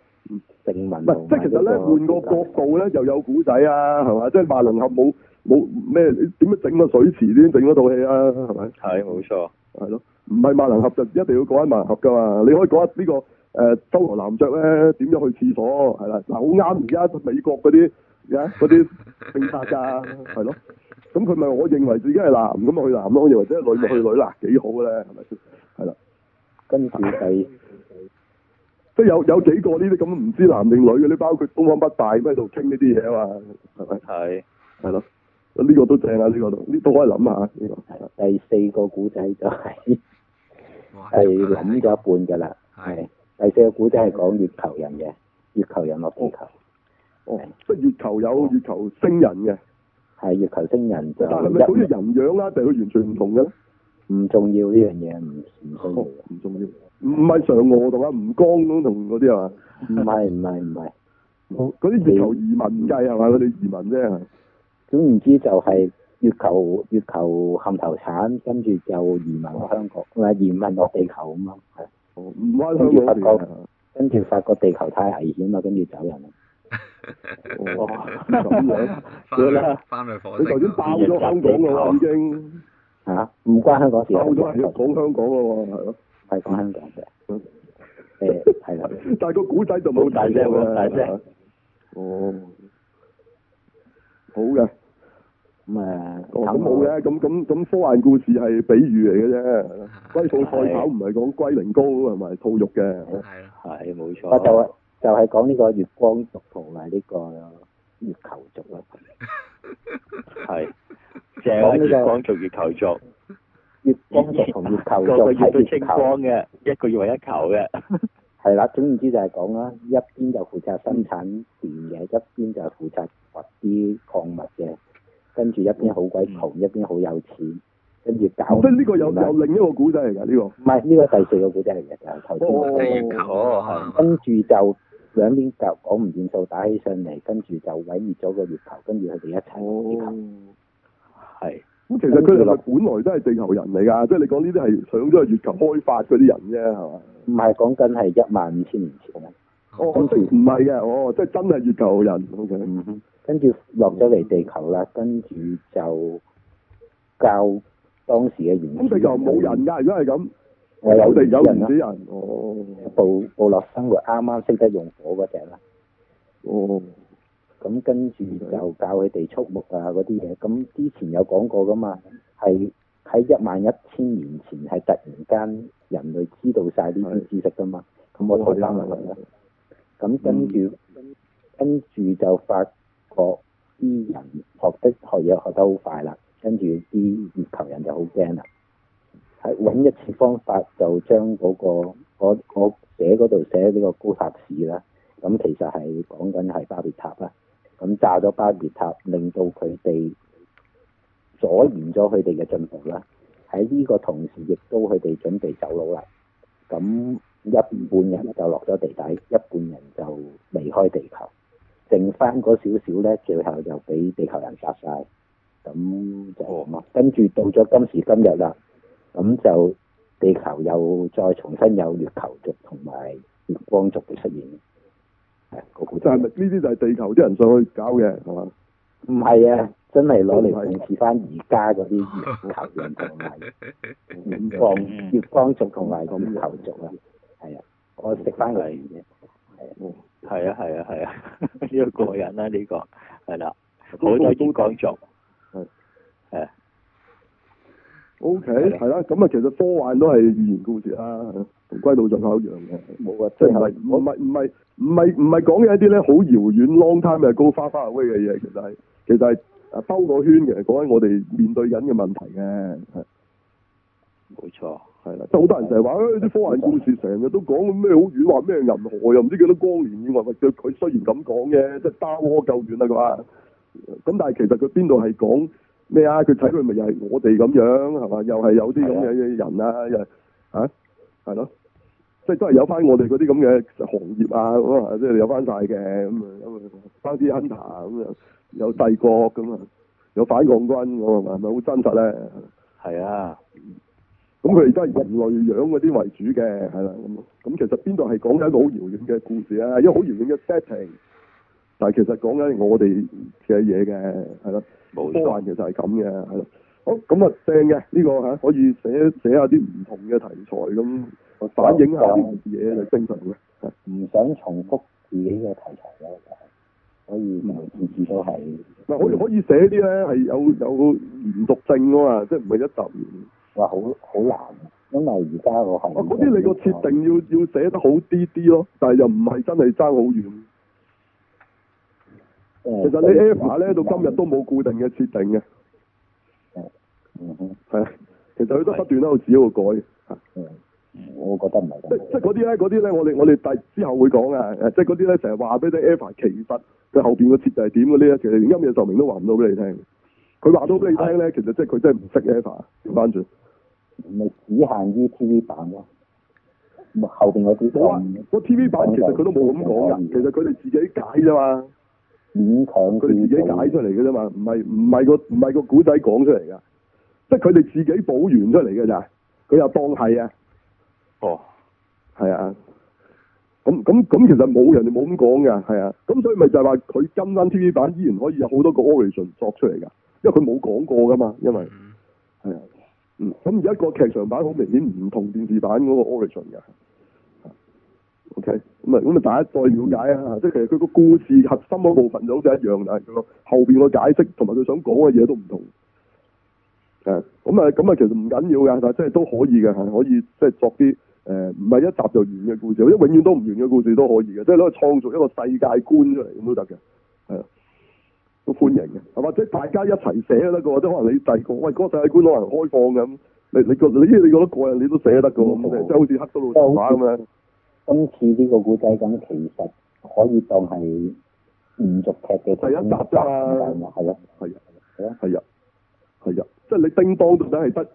正文唔係，即係其實咧，換個角度咧，又有古仔啊，係嘛，即係萬能俠冇冇咩？你點樣整個水池先整嗰套戲啊？係咪？係冇錯，係咯，唔係萬能俠就一定要講萬能俠噶嘛？你可以講下、這個呃、呢個誒，修羅男爵咧，點樣去廁所？係啦，嗱好啱而家美國嗰啲啊嗰啲政策，係咯， 咁佢咪我認為自己係男，咁咪去男咯？我認為即係女咪 去女啦，幾好咧，係咪先？係啦，跟住第。 都有有幾個呢啲咁唔知男定女嘅，呢包括東方北大咁喺度傾呢啲嘢啊嘛，係咪？係係咯，呢個都正啊！呢、呢個都可以諗下，呢度我諗下。第四個古仔就係係諗咗一半㗎啦，係第四個古仔係講月球人嘅，月球人落地球，即係、哦哦、的月球有月球星人嘅，係、哦、月球星人。但係咪好似人樣啊？定、就、佢、係、完全唔同嘅咧？唔重要呢樣嘢，唔唔唔重要。唔係嫦娥同阿吳剛同嗰啲係嘛？唔係唔係唔係，嗰啲地球移民計係嘛？嗰啲移民啫。總言之就係月球月球冚頭產，跟住就移民落香港。移民落地球咁咯？唔關香港，跟住發覺，跟住發覺地球太危險啦，跟住走人。哇！翻去，翻去，你就算爆咗香港噶啦已經。唔關香港事啊！講香港嘅喎，係咯，係講香港嘅。誒，係啦，但係個古仔就冇大聲喎，大聲。哦，好嘅。咁誒，咁冇嘅，咁咁咁，科幻故事係比喻嚟嘅啫。龜兔賽跑唔係講龜苓膏啊，係咪兔肉嘅？係，係冇錯。就係就係講呢個月光族同埋呢個。月球族咯，係淨係月光族月球族月球越，越，越，月光族同月球球足，月光嘅，一個月一球嘅，係啦，總言之就係講啦，一邊就負責生產電嘅，嗯、一邊就負責掘啲礦物嘅，跟住一邊好鬼窮，嗯、一邊好有錢，跟住搞，呢個有有另一個古仔嚟噶呢個，唔係呢個第四個古仔嚟嘅，頭、就、先、是，哦，跟住就。嗯兩邊就講唔掂數，打起上嚟，跟住就毀滅咗個月球，跟住佢哋一齊係，咁、哦、是其實佢哋係本來都係地球人嚟噶，即係、嗯、你講呢啲係想咗係月球開發嗰啲人啫，係嘛吧？唔係、嗯，講緊係一萬五千年前。哦，即唔係嘅，哦，即係真係月球人。跟住落咗嚟地球啦，跟住、嗯、就教當時嘅人的。咁地球冇人噶？如果係咁？有啲有啲人、啊、哦，啊、哦部部落生活啱啱識得用火嗰隻啦，哦，咁、嗯、跟住就教佢哋畜牧啊嗰啲嘢，咁、嗯、之前有講過噶嘛，係喺一萬一千年前係突然間人類知道晒呢啲知識噶嘛，咁我再翻落嚟啦，咁跟住跟住就發覺啲人學得學嘢學得好快啦，跟住啲月球人就好驚啦。揾一次方法就將嗰、那個我我寫嗰度寫呢個高塔市啦。咁其實係講緊係巴別塔啦。咁炸咗巴別塔，令到佢哋阻延咗佢哋嘅進步啦。喺呢個同時，亦都佢哋準備走佬啦。咁一半人就落咗地底，一半人就離開地球，剩翻嗰少少呢，最後就俾地球人殺晒。咁就。跟住到咗今時今日啦。咁就地球又再重新有月球族同埋月光族嘅出現，係個故事。但係呢啲就係地球啲人上去搞嘅，係嘛？唔係啊，真係攞嚟諷刺翻而家嗰啲月球人同埋月光月光族同埋咁，月球族啊！係啊，我食翻嚟嘅，係啊，係啊，係啊，呢個過癮啦呢個，係啦，好多啲月光族，嗯，係。O K，係啦，咁啊，其實科幻都係寓言故事啦，同的《歸路》一樣嘅。冇啊，即係唔係，唔係，唔係，唔係，唔係講嘅一啲咧，好遙遠，long time 嘅高花花 away 嘅嘢，其實係，其實係啊，兜個圈嘅，講緊我哋面對緊嘅問題嘅。冇錯，係啦，即係好多人成日話，誒啲的科幻故事成日都講咩好遠，話咩銀河又唔知幾多光年以外，佢雖然咁講嘅，即係打窩夠遠啦，佢話。咁但係其實佢邊度係講？咩啊？佢睇到佢咪又係我哋咁樣係嘛？又係有啲咁樣嘅人啊，又嚇係咯，即係都係有翻我哋嗰啲咁嘅行業啊咁啊，即係、就是、有翻晒嘅咁啊，翻啲 hunter 咁啊，有帝國咁啊，有反抗軍咁啊，咪好真實咧。係啊，咁佢哋都係人類養嗰啲為主嘅係啦，咁咁其實邊度係講緊一個好遙遠嘅故事啊，因為好遙遠嘅 setting。但係其實講緊我哋嘅嘢嘅，係啦，科幻其實係咁嘅，係咯。好，咁啊，正嘅呢個吓可以寫寫下啲唔同嘅題材咁，反映下啲嘢嘅精神嘅。唔想重複自己嘅題材咧，可、嗯、以。至少係。嗱，我哋可以寫啲咧係有有延續性㗎嘛，即係唔係一集話好好難、啊。因為而家我係嗰啲你個設定要要寫得好啲啲咯，但係又唔係真係爭好遠。其實你 EVA 咧，到今日都冇固定嘅設定嘅，係啊、嗯， 其實佢都不斷喺度自己會改、嗯。我覺得唔係。 即即嗰啲咧，嗰啲咧，我哋我哋第之後會講啊。即嗰啲咧，成日話俾你 EVA 其實佢後邊嘅設計係點嗰啲咧，其實連庵野秀明都話唔到俾你聽。佢話到俾你聽咧，啊、其實即係佢真係唔識 EVA 翻轉，唔係只限於 TV 版咯。後邊嗰啲。冇啊，個 TV 版其實佢都冇咁講噶，其實佢哋自己解啫嘛。演場佢哋自己解出嚟嘅啫嘛，唔係唔係個唔係個古仔講出嚟噶，即係佢哋自己補完出嚟嘅咋，佢又當係啊。哦，係啊。咁咁咁，其實冇人哋冇咁講嘅，係啊。咁所以咪就係話佢今晚 TV 版依然可以有好多個 origin 作出嚟噶，因為佢冇講過噶嘛，因為係啊，嗯。咁而家個劇場版好明顯唔同電視版嗰個 origin 噶。O K，咁啊，咁啊，大家再了解啊，即係其實佢個故事核心嗰部分總之一樣，但係佢個後邊個解釋同埋佢想講嘅嘢都唔同。誒，咁啊，咁啊，其實唔緊要嘅，但即係都可以嘅，可以即係作啲誒，唔、呃、係一集就完嘅故事，即係永遠都唔完嘅故事都可以嘅，即係攞嚟創造一個世界觀出嚟咁都得嘅，係啊，都歡迎嘅，或者大家一齊寫得個或者可能你第個，喂，嗰、那個世界觀可能開放嘅，咁你你覺你你覺得個人你都寫得嘅，哦、即係好似黑都老濕話咁樣。今次呢個古仔咁，其實可以當係連續劇嘅第一集啫啊，係啊的，係啊吧，係啊，係啊，啊，即係你叮當到底係得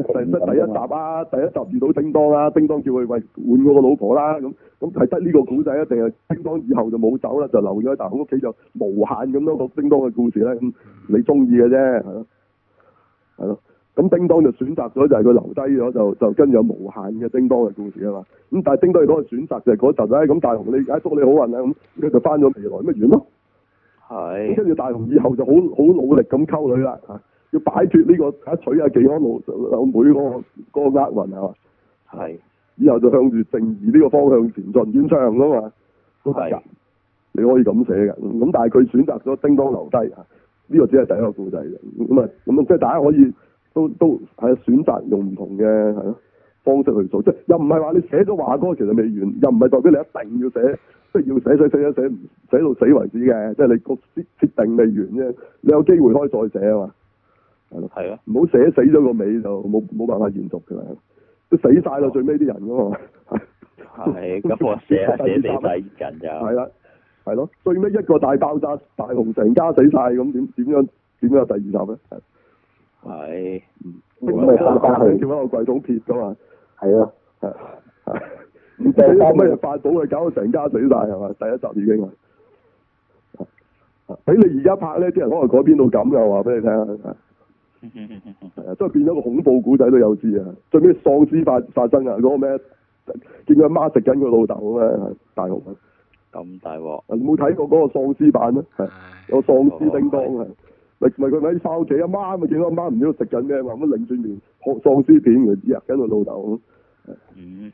得第一集啊，第一集遇到叮當啊，叮當叫佢喂換嗰個老婆啦，咁咁係得呢個古仔一定係叮當以後就冇走啦，就留咗喺大屋企就無限咁多個叮當嘅故事咧，咁你中意嘅啫，係咯，係咯。咁叮噹就選擇咗就係，是，佢留低咗就就跟住有無限嘅叮噹嘅故事啊嘛，咁但係叮噹佢嗰個選擇就係嗰陣咧，咁、哎、大雄你而家祝你好運啊，咁佢就返咗未來咪完咯，係跟住大雄以後就好好努力咁溝女啦，嚇、啊、要擺脫呢、這個啊娶阿幾多奴，唸每、啊那個厄運係嘛，係是以後就向住正義呢個方向前進演唱噶嘛，都、啊、係是、啊，你可以咁寫㗎，咁但係佢選擇咗叮當留低，呢、啊這個只係第一個故仔咁啊咁啊即係大家可以。都都係選擇用唔同嘅係咯方式去做，即係又唔係話你寫咗話歌其實未完，又唔係代表你一定要寫，即係要寫寫寫寫寫唔寫到死為止嘅，即係你個設定未完啫。你有機會可以再寫啊嘛。係咯。係咯的。唔好寫死咗個尾就冇冇辦法延續嘅啦。都死晒啦，最尾啲人噶嘛。係咁，我寫寫死曬人就。係啦。係咯，最尾一個大爆炸，大雄成家死晒，咁點點樣點有第二集咧？是係，咁咪翻翻叫翻個貴種貼噶嘛？係啊，係，唔知你攞乜法寶去搞到成家死晒係嘛？第一集已經啊，俾你而家拍咧，啲人可能改編到咁嘅話，俾你聽啊，係啊，都變咗個恐怖古仔都有知、那個、啊，最尾喪屍發發生啊，嗰唉個咩？見佢阿媽食緊個老豆啊嘛，大鑊啊！咁大鑊，你冇睇過嗰個喪屍版咩？有喪屍叮當啊！咪佢咪翻屋企，阿媽咪見到阿媽唔知喺度食緊咩，話乜擰轉面，學喪屍片佢知啊，跟住老豆。嗯。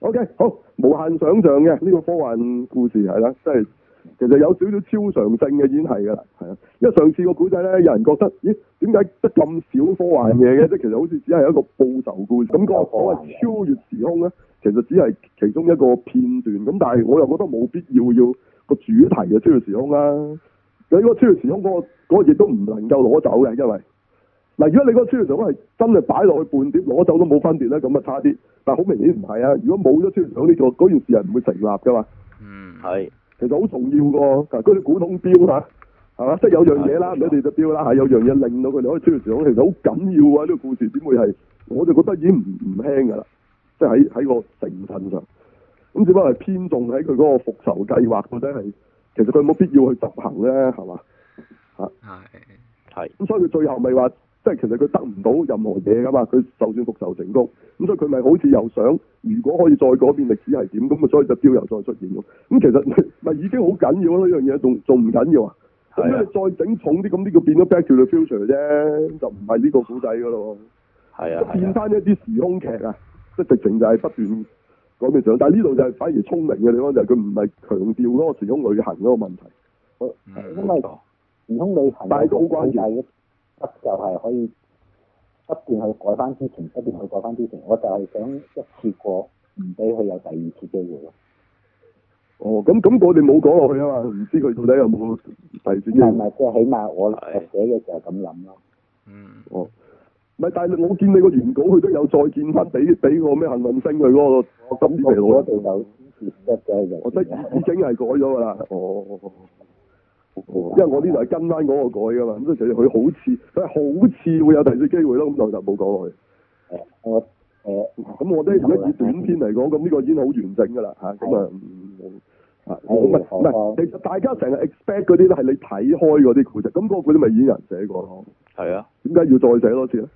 O、okay, K，好，無限想像嘅呢、呢個科幻故事係啦，即係其實有少少超常性嘅演戲㗎啦，係啊。因為上次個古仔咧，有人覺得咦，點解得咁少科幻嘢嘅？即係其實好似只係一個報仇故事。咁、那個、所謂超越時空咧，其實只係其中一個片段。咁但係我又覺得冇必要要個主題嘅超越時空啦、啊。你嗰穿越時空嗰個嗰個亦都唔能夠攞走嘅，因為嗱，如果你嗰穿越時空係真係擺落去半碟攞走都冇分別咧，咁啊差啲。但係好明顯唔係啊！如果冇咗穿越時空，呢個嗰件事係唔會成立嘅嘛。嗯，係，其實好重要喎。嗱，嗰啲古董標啊，係嘛，即係有樣嘢啦，你哋就質標啦，係有樣嘢令到佢哋可以穿越時空，其實好緊要啊！呢個故事點會係？我就覺得已經唔唔輕噶啦，即係喺喺個成分上，咁只不過係偏重喺佢嗰個復仇計劃或者係。其實佢冇必要去執行咧，係嘛？吓係係，咁所以佢最後咪話，即係其實佢得唔到任何嘢噶嘛？佢就算復仇成功，咁所以佢咪好似又想，如果可以再改變歷史係點，咁啊所以就招又再出現咯。咁其實咪已經好緊要咯，呢樣嘢仲仲唔緊要是啊？咁如果你再整重啲，咁呢個變咗 back to the future 啫，就唔係呢個古仔噶咯。係啊，變翻一啲時空劇啊，即直情就係不斷。講，但係呢度就係反而聰明嘅地方，就係佢唔係強調嗰個時空旅行嗰個問題，嗯、因為時空旅行，但係好關鍵，就係可以不斷去改翻之前，不斷去改翻之前，我就係想一次過唔俾佢有第二次機會。哦、嗯，咁咁我哋冇講落去啊嘛，唔知佢到底有冇第二次機會。係咪即係起碼我寫嘅時候咁諗咯？嗯。哦。唔係，但係我見你個原稿，佢都有再見翻俾俾個咩幸運星佢咯。咁呢期我一度有，我前得我已經係改咗噶啦。哦，因為我呢度係跟翻嗰個改噶嘛，咁所以佢好似佢好似會有第二次機會咯。咁就就冇講落去。哦，我我咁如果以短篇嚟講，咁呢個已經好完整噶啦吓。咁啊，啊其實大家成日 expect 嗰啲都係你睇開嗰啲故事。咁嗰個故事咪已經有人寫過咯。係啊，點解要再寫多次咧？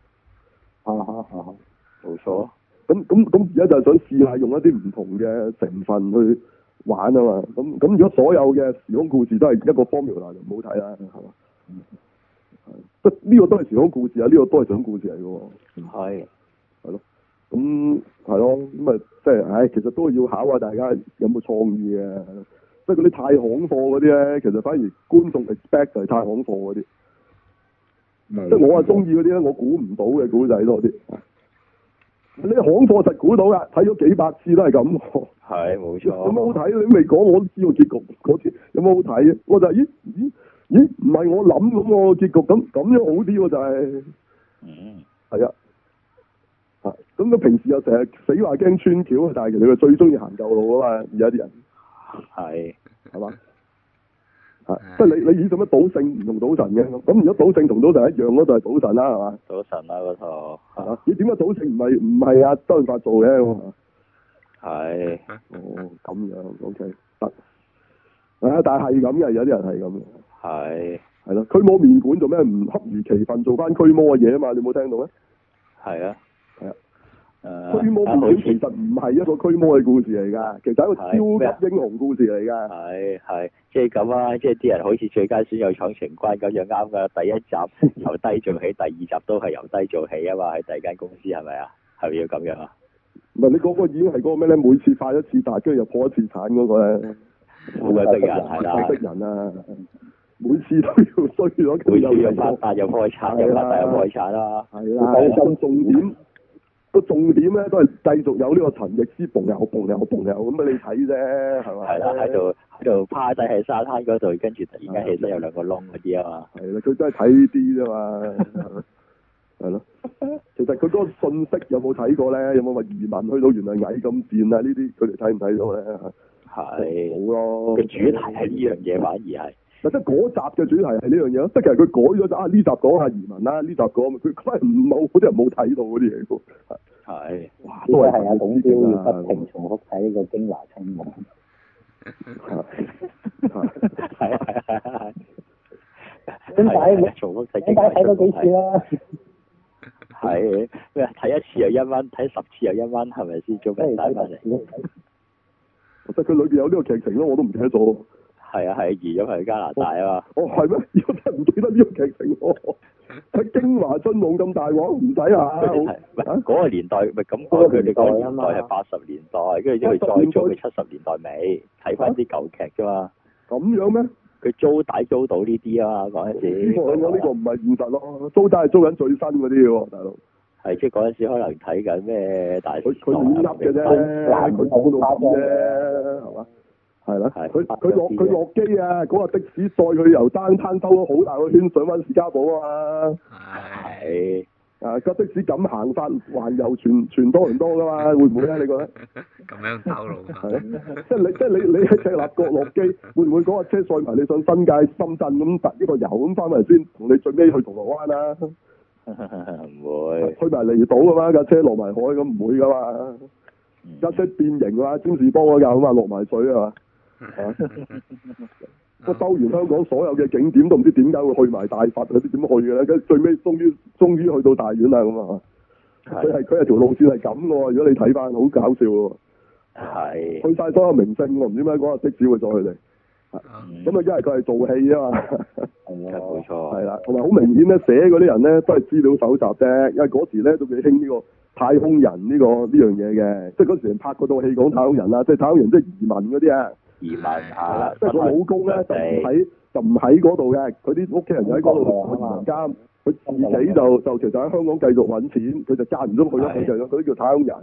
啊哈啊哈，冇、啊、錯。咁咁咁而家就係想試下用一啲唔同嘅成分去玩啊嘛。咁咁如果所有嘅時空故事都係一個 formula 就唔好睇啦。係嘛？即呢的個都係時空故事啊，呢、這個都係想故事嚟嘅。係的。係咯。咁係咯。咁啊，即係唉，其實都要考，考下大家有冇創意啊？即係嗰啲太行貨嗰啲咧，其實反而觀眾 expect 就係太行貨嗰啲。即係我係中意嗰啲咧，我估唔到嘅故仔多啲。 你行貨實估到噶，睇咗幾百次都係咁。係冇錯，有冇好睇？ 你未講，我都知道結局嗰次有冇好睇啊？我就係咦咦咦，唔係我諗咁、嗰個結局，咁咁樣，樣好啲喎、就係，就係嗯係啊。吓、啊、咁，佢平時又成日死話驚穿橋，但係其實佢最中意行舊路啊嘛。而家啲人係好啊。即係、啊、你你以做咩賭聖唔用賭神嘅咁？如果賭聖同賭神一樣，嗰度係賭神啦、啊，係嘛？賭神啦、啊，嗰套嚇！你點解賭聖唔係唔係周潤發做嘅？係的哦，咁樣，OK，得啊！但係係咁嘅，有啲人係咁嘅，係係咯，驅魔麵館做咩？唔恰如其分做翻驅魔嘅嘢啊嘛？你冇聽到咩？係啊的，係啊。驅魔女其實唔係一個驅魔嘅故事嚟噶，其實係一個超級英雄故事嚟噶。係係即係咁啊！即係啲人好似最佳損友闖情關咁樣啱噶。第一集由低做起，第二集都係由低做起啊嘛。喺第二間公司係咪啊？係咪要咁樣啊？唔係你嗰個已經係嗰個咩咧？每次發一次達，跟住又破一次產嗰個咧？好鬼，逼人，逼人啊！每次都要衰咗，每次又要發達又破產，又發達又破產啦。係啦，講翻重點。個重點咧都係繼續有呢個陳奕之朋友朋友朋友，咁啊！你睇啫，係咪？係啦，喺度喺度趴仔喺沙灘嗰度，跟住突然間起身有兩個窿嗰啲啊嘛。係啦，佢真係睇呢啲啫嘛，係咯。 其實佢嗰個信息有冇睇過咧？有冇話移民去到原來矮咁賤啊？他們看不看到呢啲佢哋睇唔睇到咧？係冇的咯。個的主題係呢樣嘢，反而係。嗱，即嗰集嘅主題係呢樣嘢，即係佢改咗就啊呢集講下移民啦，呢集講佢，佢唔係好多人冇睇到嗰啲嘢。係是，都因係啊，董彪要不停重複睇呢個《京華春夢》。係啊係啊係啊！點解？重複睇？點解睇多幾次啦？係咩？睇一次又一蚊，睇十次又一蚊，係咪先做咩抵啊？我即係佢裏邊有呢個劇情咯，我都唔睇到。係啊係啊，移咗去加拿大啊嘛。哦係咩？真係唔記得呢個劇情喎。喺京華真冇咁大鑊，唔使啊嗰個年代咪咁講佢哋嗰年代係八十年代，跟住之後再做佢七十年代尾，睇翻啲舊劇啫嘛。咁樣咩？佢租帶租到呢啲啊嘛，嗰陣時。呢個呢個唔係現實咯，租帶係租緊最新嗰啲嘢，大佬。係即係嗰陣時可能睇緊咩？大佢佢演粒嘅啫，佢攞啫，係嘛？係啦，係佢佢落佢落機啊！嗰、那個、的士載佢由單灘兜咗好大個圈上翻士嘉堡啊！係、哎、啊，架、那個、的士咁行翻環遊全全多倫多噶嘛？會唔會啊？你覺得？咁樣套路的 即係你即係你你喺赤鱲角落機，會唔會嗰個車載埋你上新界深圳咁突一個油咁翻嚟先？同你最尾去銅鑼灣啊？唔、啊、會，去埋離島噶嘛？架、那個、車落埋海咁唔會噶嘛？架車變形啦，占士邦嗰架咁啊，落埋水啊嘛～吓，我兜 完香港所有嘅景點都唔知點解會去埋大佛，佢哋點去嘅咧？跟最尾終於終於去到大院啦，咁啊，佢係佢係條路線係咁嘅。如果你睇翻，好搞笑咯。係的。去晒所有名勝，我唔知咩嗰日即招佢再嚟。啊的。咁啊、嗯，一係佢係做戲啊嘛。係啊，冇錯。係啦，同埋好明顯咧，寫嗰啲人咧都係資料搜集啫。因為嗰時咧都幾興呢個太空人呢、呢個呢樣嘢嘅，即係嗰時拍嗰套戲講太空人啦，嗯、即係太空人即係移民嗰啲啊。移民啊！即係佢老公咧就唔喺就唔喺嗰度嘅，佢啲屋企人就喺嗰度做移民監，佢自己就就其實喺香港繼續搵錢，佢就揸唔到佢。佢就佢都叫太空人。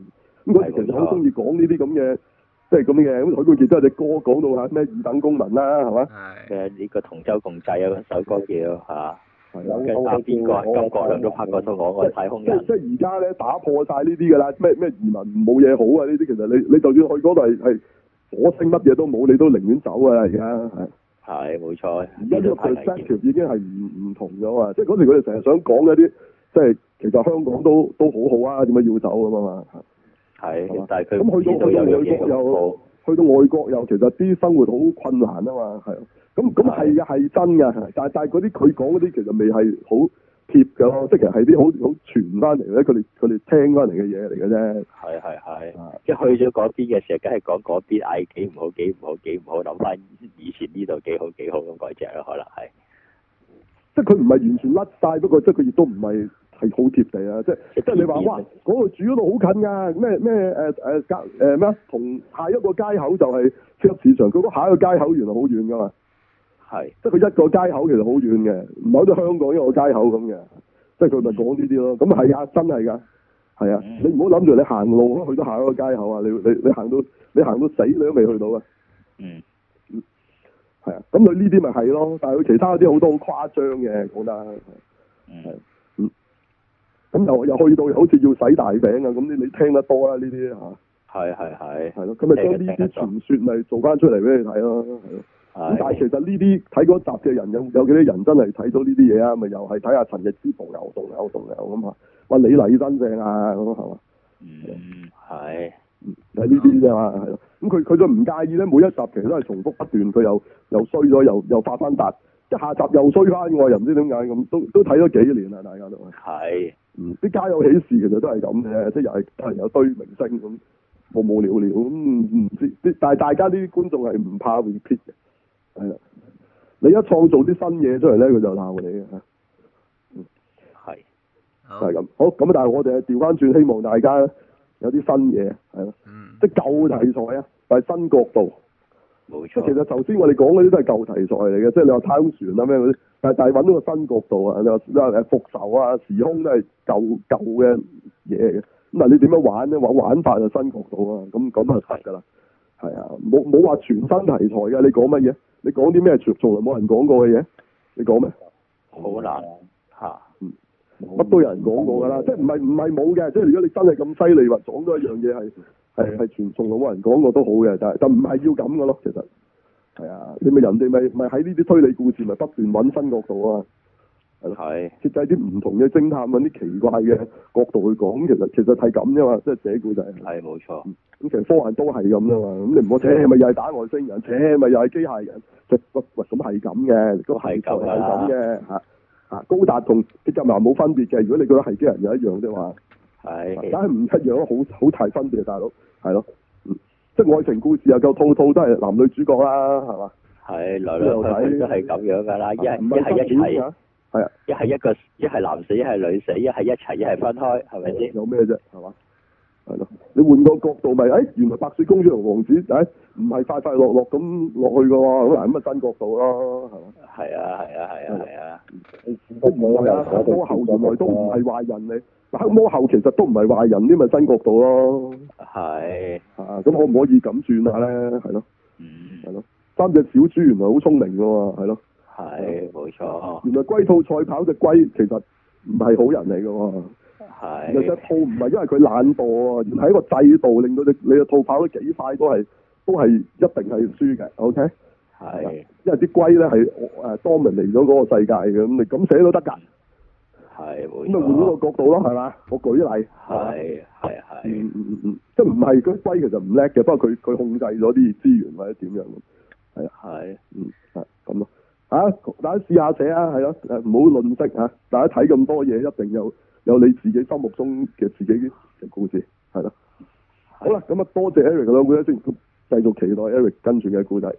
咁嗰時其實好中意講呢啲咁嘅，即係咁嘅。咁許冠傑都有隻歌講到吓咩二等公民啦，係嘛？嘅呢個同舟共濟啊，嗰首歌叫吓。係邊個？金國良都拍過套《我愛太空人》。即係而家咧，打破晒呢啲噶啦，咩咩移民冇嘢好啊？呢啲其實你你就算去度係係。火星乜嘢都冇，你都寧願走啊！而家係係冇錯。而家呢個 perspective 已經係唔唔同咗啊！即係嗰時佢哋成日想講嗰啲，即係其實香港都都好好啊，點解要走咁啊嘛？係的，吧但係佢咁去到去到外國又去到外國又，其實啲生活好困難啊嘛，係。咁咁係啊，係真㗎。但係但係嗰啲佢講嗰啲，其實未係好。貼噶、嗯、即係其實係啲好好傳翻嚟嘅，佢哋佢哋聽翻嚟嘅嘢，嚟嘅啫。係係係，嗯、即係去咗嗰邊嘅時候，梗係講嗰邊係幾唔好，幾唔好，幾唔好。諗翻以前呢度幾好幾好咁，嗰隻咯可能係。即係佢唔係完全甩晒，不過即係佢亦都唔係係好貼地貼片、那個、啊！即係即係你話哇，嗰度住嗰度好近噶，咩咩誒誒隔誒咩？同、啊啊啊、下一個街口就係超級市場，佢、那、嗰、個、下一個街口原來好遠噶嘛。係，是即係佢一個街口其實好遠嘅，唔係好似香港一個街口咁嘅，即係佢咪講呢啲咯。咁、嗯、係啊，真係噶、啊，係、嗯、啊，你唔好諗住你行路去到下一個街口啊！你你你行到你行到死你都未去到、嗯、啊！嗯，係啊，咁佢呢啲咪係咯，但係佢其他啲好多好誇張嘅講得，嗯，咁又、啊啊、又去到好似要洗大餅啊！咁你你聽得多啦呢啲吓，係係係，係咯，咁咪將呢啲傳說咪做翻出嚟俾你睇咯，係咯。但係其實呢啲睇嗰集嘅人有有幾多人真係睇到呢啲嘢啊？咪又係睇下陳奕之馭牛，馭牛，馭牛咁啊！話李麗珍正啊，係嘛？嗯，係。嗯是，睇呢啲啫嘛，係咯是。咁佢佢就唔介意咧。每一集其實都係重複不斷，佢又又衰咗，又又，又發翻達，一下集又衰翻。我又唔知點解咁，都都睇咗幾年啦，大家都。係是。啲、嗯、家有喜事其實都係咁嘅，即係又係有堆明星咁無無聊聊咁唔、嗯、知但係大家啲觀眾係唔怕 repeat 嘅。係啦，你一創造啲新嘢出嚟咧，佢就鬧你嘅吓。係咁、嗯、好咁，但係我哋啊調翻轉，希望大家有啲新嘢，係咯，嗯、即係舊題材啊，但係新角度。冇錯，其實頭先我哋講嗰啲都係舊題材嚟嘅，即係你話太空船啊咩嗰啲，但係但係揾到個新角度啊，你話你話復仇啊、時空都係舊舊嘅嘢嘅，咁啊你點樣玩咧？玩玩法就新角度啊！咁咁就係噶啦，係啊的，冇冇話全新題材嘅。你講乜嘢？你講啲咩？全從來冇人講過嘅嘢，你講咩？好難嚇，嗯，乜都有人講過㗎啦難，即係唔係唔係冇嘅，即係如果你真係咁犀利，話講多一樣嘢係係係全從來冇人講過都好嘅，但係就唔係要咁嘅咯，其實係啊，你咪人哋咪咪喺呢啲推理故事咪不斷揾新角度啊！係即設計啲唔同嘅偵探，啲奇怪嘅角度去講，其實其實係咁啫嘛，即係寫故仔。係冇錯，咁其實科幻都係咁啦。咁你唔好扯，咪的又係打外星人，扯咪又係機械人。就個喂，咁係咁嘅，都係都係咁嘅吓吓。高達同機甲男冇分別嘅。如果你覺得係機人又一樣啫嘛。係的，但係唔一樣，好好大分別，大佬。係咯，即、嗯、係、就是、愛情故事又夠套套都係男女主角啦，係嘛。係女女仔都係咁樣噶啦，一係一係一係。是的。係啊，一係一個一係男死，一係女死，一係一齊，一係分開，係咪先？有咩啫？係嘛？係咯，你換個角度咪誒，原來白雪公主同王子誒唔係快快樂樂咁落去噶喎，咁嚟咁咪新角度咯，係啊係啊係啊係啊，都唔係壞人，魔后原來都唔係壞人嚟，嗱魔后其實都唔係壞人，呢咪新角度咯。係啊，咁可唔可以咁轉下咧？係咯，係咯，三隻小豬原來好聰明噶喎，係咯。係冇錯，原來龜兔賽跑隻龜其實唔係好人嚟噶。係，其實兔唔係因為佢懶惰啊，原係一個制度令到你你嘅兔跑得幾快都係都係一定係輸嘅。O K，係，因為啲龜咧係誒，當人嚟咗嗰個世界嘅，咁你咁寫都得噶。係冇，咁換個角度咯，係嘛？我舉例，係係係，嗯嗯嗯，即係唔係？龜其實唔叻嘅，不過佢佢控制咗啲資源或者點樣咁，係係、啊、係嗯咁咯。嚇、啊！大家試下寫啊，係咯、啊，唔、啊、好吝嗇、啊、大家睇咁多嘢，一定有有你自己心目中嘅自己嘅故事，係啦，好啦，咁啊，啊多謝 Eric 兩位先，繼續期待 Eric 跟住嘅故仔。